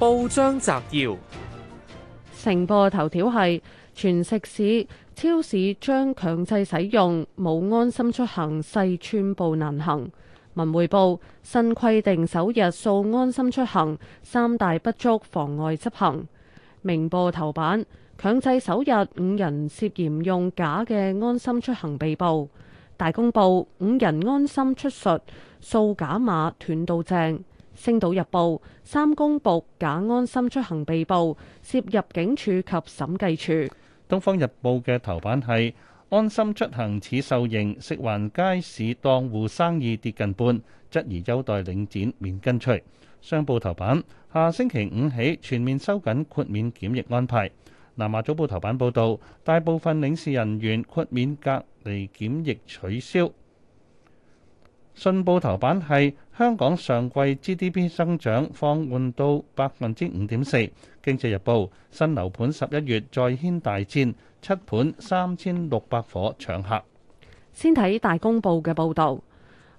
報章摘要：成報頭條》，頭條係全食肆超市將強制使用冇安心出行，細寸步難行。文匯報，新規定首日掃安心出行三大不足，妨礙執行。明報》頭版，強制首日五人涉嫌用假嘅安心出行被捕。大公報，五人安心出術，掃假碼斷到正。《星島日報》三公部假安心出行被捕，涉入境處及審計署。《東方日報》嘅頭版係安心出行似受認，食環街市檔戶生意跌近半，質疑優待領展免跟隨。商報頭版：下星期五起全面收緊豁免檢疫安排。南華早報頭版報導，大部分領事人員豁免隔離檢疫取消。信報頭版係，香港上季 GDP 增長放緩到百分之五點四。經濟日報新樓盤十一月再掀大戰，七盤三千六百伙搶客。先睇大公報嘅報導，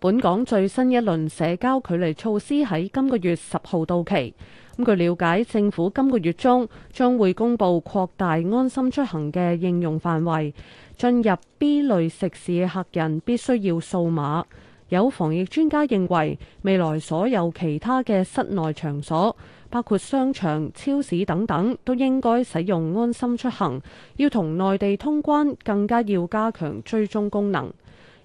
本港最新一輪社交距離措施喺今個月十號到期。咁據了解，政府今個月中將會公布擴大安心出行嘅應用範圍，進入 B 類食肆嘅客人必須要掃碼。有防疫專家認為，未來所有其他嘅室內場所，包括商場、超市等等，都應該使用安心出行。要同內地通關，更加要加強追蹤功能。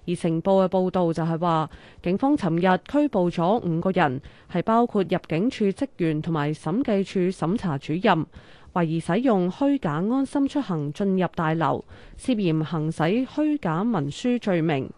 而成報嘅報導就係話，警方尋日拘捕咗五個人，係包括入境處職員同埋審計處審查主任，懷疑使用虛假安心出行進入大樓，涉嫌行使虛假文書罪名。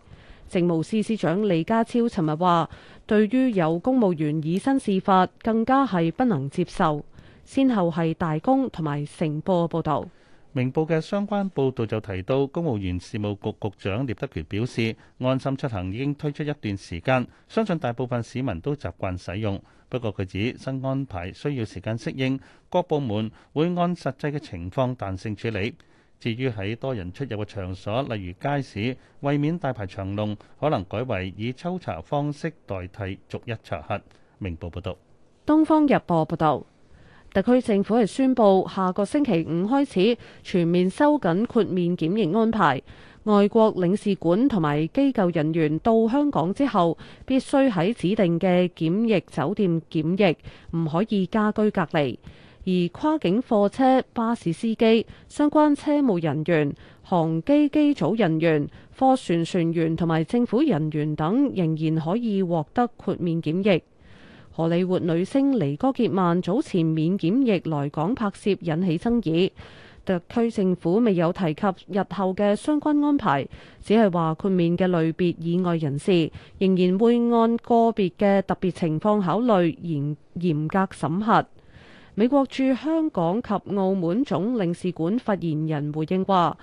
政務司司長李家超尋日話，對於有公務員以身試法，更加係不能接受。先後係大公同埋《成報》報道，《明報》嘅相關報道就提到，公務員事務局局，局長聶德權表示，安心出行已經推出一段時間，相信大部分市民都習慣使用。不過佢指新安排需要時間適應，各部門會按實際嘅情況彈性處理。至於喺多人出入嘅場所，例如街市，為免大排長龍，可能改為以抽查方式代替逐一查核。明報報道。東方日報報道，特區政府係宣布，下個星期五開始全面收緊豁免檢疫安排。外國領事館同埋機構人員到香港之後，必須喺指定嘅檢疫酒店檢疫，唔可以家居隔離。而跨境貨車、巴士司機、相關車務人員、航機機組人員、貨船船員同埋政府人員等，仍然可以獲得豁免檢疫。荷里活女星尼哥傑曼早前免檢疫來港拍攝，引起爭議。特區政府未有提及日後嘅相關安排，只係話豁免嘅類別以外人士，仍然會按個別嘅特別情況考慮嚴嚴格審核。美國駐香港及澳門總領事館發言人回應話，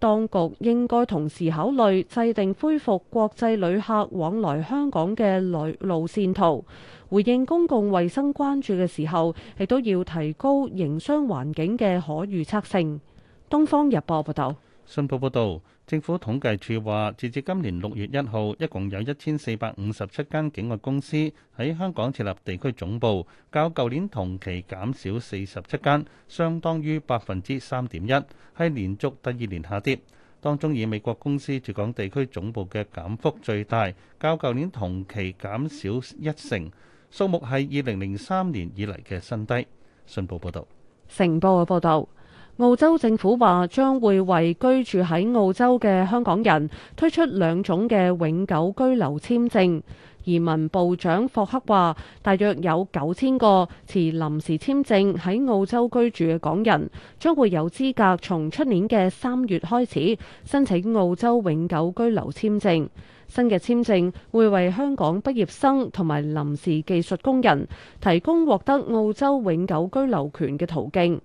當局應該同時考慮制定恢復國際旅客往來香港嘅旅路線圖。回應公共衛生關注嘅時候，亦都要提高營商環境嘅可預測性。東方日報報道。信報報道，政府統計處話，截至今年六月一號，一共有一千四百五十七間境外公司喺香港設立地區總部，較舊年同期減少四十七間，相當於百分之三點一，係連續第二年下跌。當中以美國公司駐港地區總部嘅減幅最大，較舊年同期減少一成，數目係二零零三年以嚟嘅新低。信報報道。成報嘅報導。澳洲政府話將會為居住喺澳洲嘅香港人推出兩種嘅永久居留簽證。移民部長霍克話，大約有九千個持臨時簽證喺澳洲居住嘅港人，將會有資格從出年嘅三月開始申請澳洲永久居留簽證。新嘅簽證會為香港畢業生同埋臨時技術工人提供獲得澳洲永久居留權嘅途徑。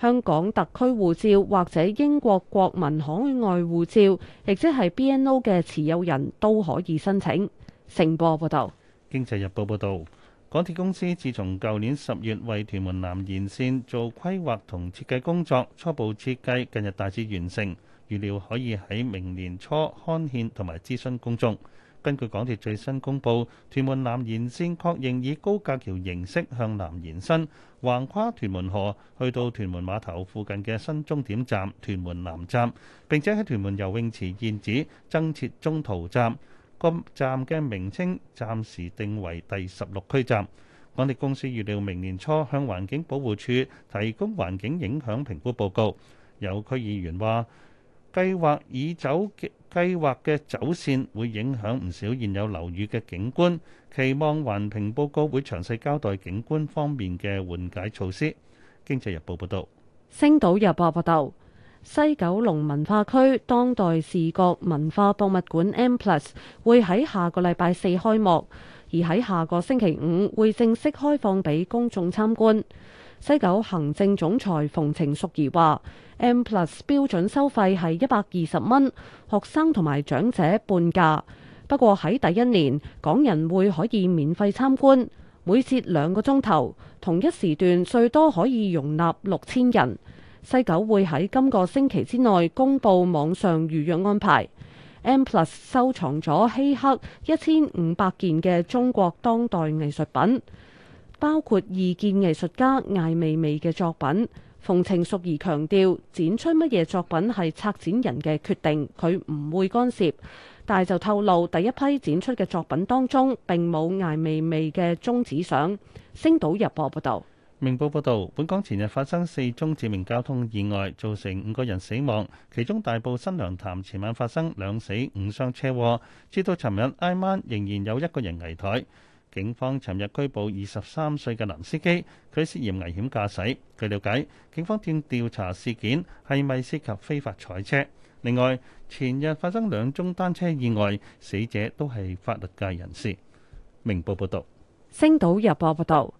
香港特區護照或者英國國民海外護照，亦即係 BNO 嘅持有人都可以申請。成報報導，《經濟日報》報導，港鐵公司自從舊年十月為屯門南延線做規劃同設計工作，初步設計近日大致完成，預料可以喺明年初刊憲同埋諮詢公眾。根據港鐵最新公佈，屯門南延線確認以高架橋形式向南延伸，橫跨屯門河，去到屯門碼頭附近嘅新終點站屯門南站，並且喺屯門游泳池現址增設中途站，個站嘅名稱暫時定為第十六區站。港鐵公司預料明年初向環境保護署提供環境影響評估報告。有區議員話：計劃以走嘅計劃嘅走線會影響唔少現有樓宇嘅景觀，期望環評報告會詳細交代景觀方面嘅緩解措施。經濟日報報道：星島日報報道，西九龍文化區當代視覺文化博物館 M Plus 會喺下個禮拜四開幕，而喺下個星期五會正式開放俾公眾參觀。西九行政總裁馮程淑儀話，M+ 標準收費係一百二十蚊，學生同埋長者半價。不過喺第一年，港人會可以免費參觀，每節兩個鐘頭，同一時段最多可以容納六千人。西九會喺今個星期之內公佈網上預約安排。M+ 收藏咗希克一千五百件嘅中國當代藝術品，包括異見藝術家艾未未嘅作品。馮程淑儀強調，展出乜嘢作品係策展人嘅決定，佢唔會干涉。但係就透露，第一批展出嘅作品當中並冇艾未未嘅中指相。星島日報報道：「明報報道，本港前日發生四宗致命交通意外，造成五個人死亡，其中大埔新娘潭前晚發生兩死五傷車禍，至到尋日挨晚仍然有一個人危殆。警方尋日拘捕二十三歲嘅男司機，佢涉嫌危險駕駛。據了解，警方正調查事件係咪涉及非法賽車。另外，前日發生兩宗單車意外，死者都係法律界人士。明報報道，星島日報報道，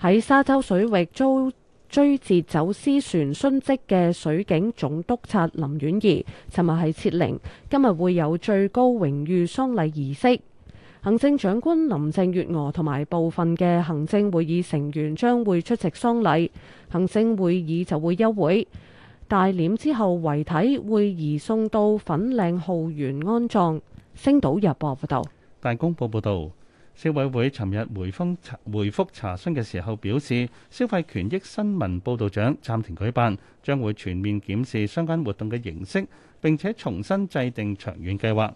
喺沙洲水域遭追截走私船殉職嘅水警總督察林婉儀，尋日喺設靈，今日會有最高榮譽喪禮儀式。行政長官林鄭月娥同埋部分嘅行政會議成員將會出席喪禮，行政會議就會休會。大殮之後，遺體會移送到粉嶺浩園安葬。星島日報報道，大公報報道，消委會尋日回覆回覆查詢嘅時候表示，消費權益新聞報道獎暫停舉辦，將會全面檢視相關活動嘅形式，並且重新制定長遠計劃。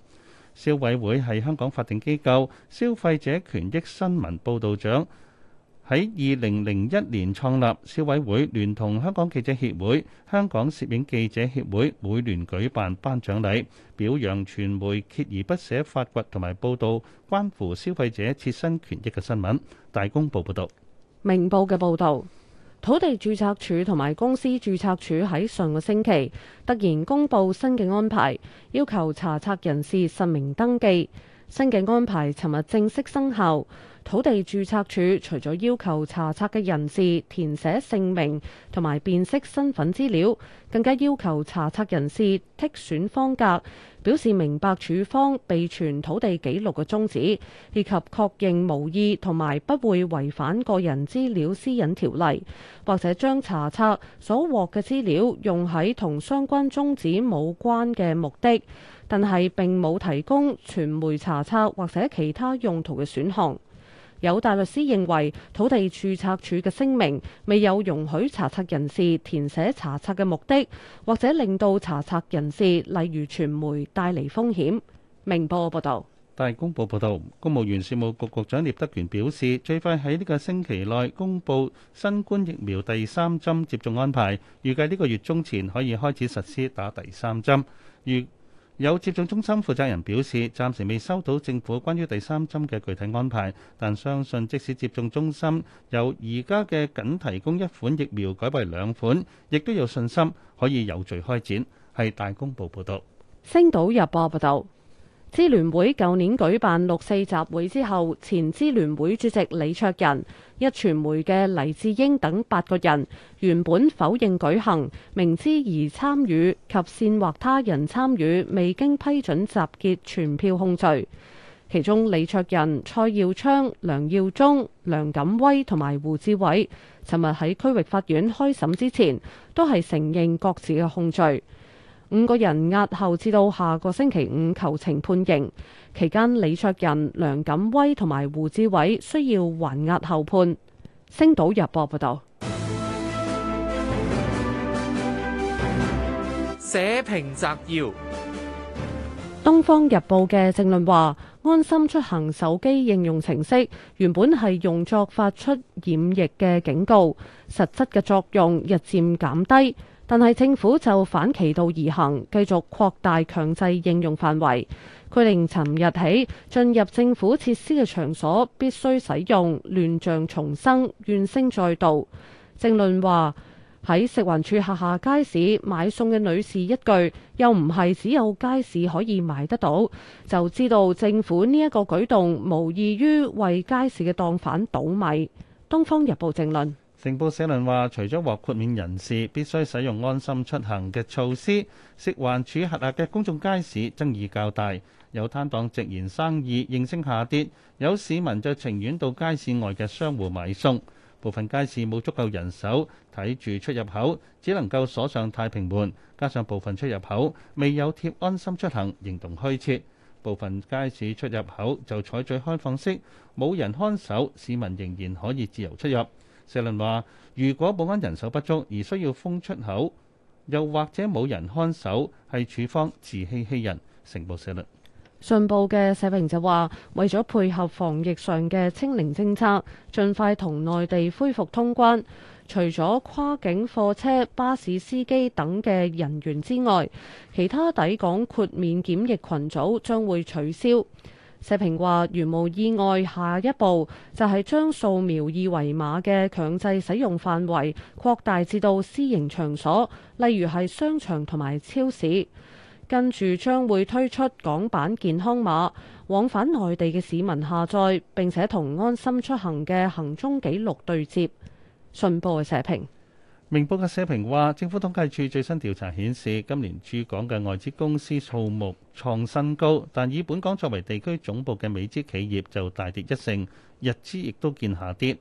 消委會係香港法定機構，消費者權益新聞報道獎喺二零零一年創立。消委會聯同香港記者協會、香港攝影記者協會每年舉辦頒獎禮，表揚傳媒鍥而不捨發掘同埋報道關乎消費者切身權益嘅新聞。大公報報道。明報嘅報道。土地註冊處同埋公司註冊處喺上個星期突然公布新嘅安排，要求查冊人士實名登記。新嘅安排尋日正式生效。土地註冊處除咗要求查冊嘅人士填寫姓名同埋辨識身份資料，更加要求查冊人士剔選方格，表示明白處方備存土地記錄嘅宗旨，以及確認無意同埋不會違反個人資料私隱條例，或者將查冊所獲嘅資料用喺同相關宗旨冇關嘅目的。但係並冇提供傳媒查冊或者其他用途嘅選項。有大律師認為，土地註冊署嘅聲明未有容許查冊人士填寫查冊嘅目的，或者令到查冊人士例如傳媒帶嚟風險。明報報導。大公報報導，公務員事務局局長聶德權表示，最快喺呢個星期內公布新冠疫苗第三針接種安排，預計呢個月中前可以開始實施打第三針。預有接種中心負責人表示，暫時未收到政府關於第三針嘅具體安排，但相信即使接種中心由而家嘅僅提供一款疫苗改為兩款，亦都有信心可以有序開展。係大公報報道，《星島日報》報道。支聯會舊年舉辦六四集會之後，前支聯會主席李卓人、壹傳媒嘅黎智英等八個人，原本否認舉行、明知而參與及煽惑他人參與，未經批准集結，全票控罪。其中李卓人、蔡耀昌、梁耀忠、梁錦威同埋胡志偉，尋日喺區域法院開審之前，都係承認各自嘅控罪。五個人押後至到下個星期五求情判刑，期間李卓人、梁錦威同埋胡志偉需要還押候判。星島日報報道，社評摘要。東方日報嘅正論話，安心出行手機應用程式原本係用作發出染疫嘅警告，實質嘅作用日漸減低。但係政府就反其道而行，繼續擴大強制應用範圍。規定尋日起進入政府設施嘅場所必須使用。亂象叢生，怨聲載道。政論話喺食環署轄下街市買餸嘅女士一句，又唔係只有街市可以買得到，就知道政府呢一個舉動無異於為街市嘅檔販倒米。《東方日報》政論。明報社論話：，除咗獲豁免人士必須使用安心出行嘅措施，食環署轄下嘅公眾街市爭議較大，有攤檔直言生意應聲下跌，有市民就情願到街市外嘅商戶買餸。部分街市冇足夠人手睇住出入口，只能夠鎖上太平門，加上部分出入口未有貼安心出行，形同虛設。部分街市出入口就採取開放式，冇人看守，市民仍然可以自由出入。社論話：如果保安人手不足而需要封出口，又或者冇人看守，係處方自欺欺人，成報社論。信報嘅社評就話：為咗配合防疫上嘅清零政策，盡快同內地恢復通關，除咗跨境貨車、巴士司機等嘅人員之外，其他抵港豁免檢疫群組將會取消。社評話：如無意外，下一步就係將掃描二維碼嘅強制使用範圍擴大至到私營場所，例如係商場同埋超市。跟住將會推出港版健康碼，往返內地嘅市民下載並且同安心出行嘅行蹤記錄對接。信報嘅社評。明報嘅社評話，政府統計處最新調查顯示，今年駐港嘅外資公司數目創新高，但以本港作為地區總部嘅美資企業就大跌一成，日資亦都見下跌。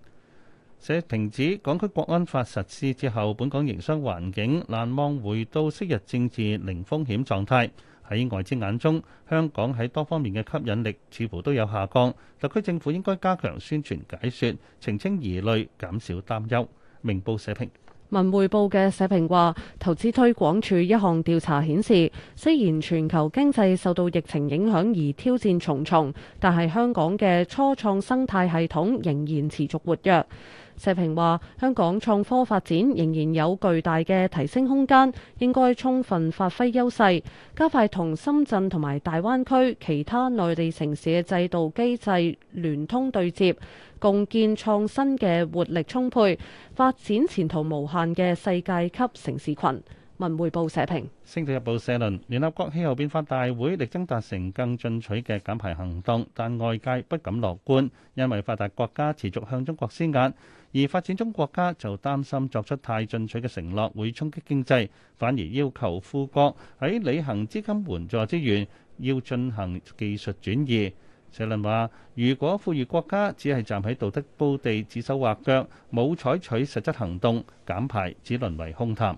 社評指，港區國安法實施之後，本港營商環境難望回到昔日政治零風險狀態。喺外資眼中，香港喺多方面嘅吸引力似乎都有下降。特區政府應該加強宣傳解說，澄清疑慮，減少擔憂。明報社評。文匯報嘅社評話，投資推廣署一項調查顯示，雖然全球經濟受到疫情影響而挑戰重重，但係香港嘅初創生態系統仍然持續活躍。社評話：香港創科發展仍然有巨大嘅提升空間，應該充分發揮優勢，加快同深圳同埋大灣區其他內地城市嘅制度機制聯通對接，共建創新嘅活力充沛、發展前途無限嘅世界級城市群。文匯報社評，《星島日報》社論：聯合國氣候變化大會力爭達成更進取嘅減排行動，但外界不敢樂觀，因為發達國家持續向中國施壓，而發展中國家就擔心作出太進取嘅承諾會衝擊經濟，反而要求富國喺履行資金援助之餘要進行技術轉移。社論話：如果富裕國家只係站喺道德高地指手畫腳，冇採取實質行動，減排只淪為空談。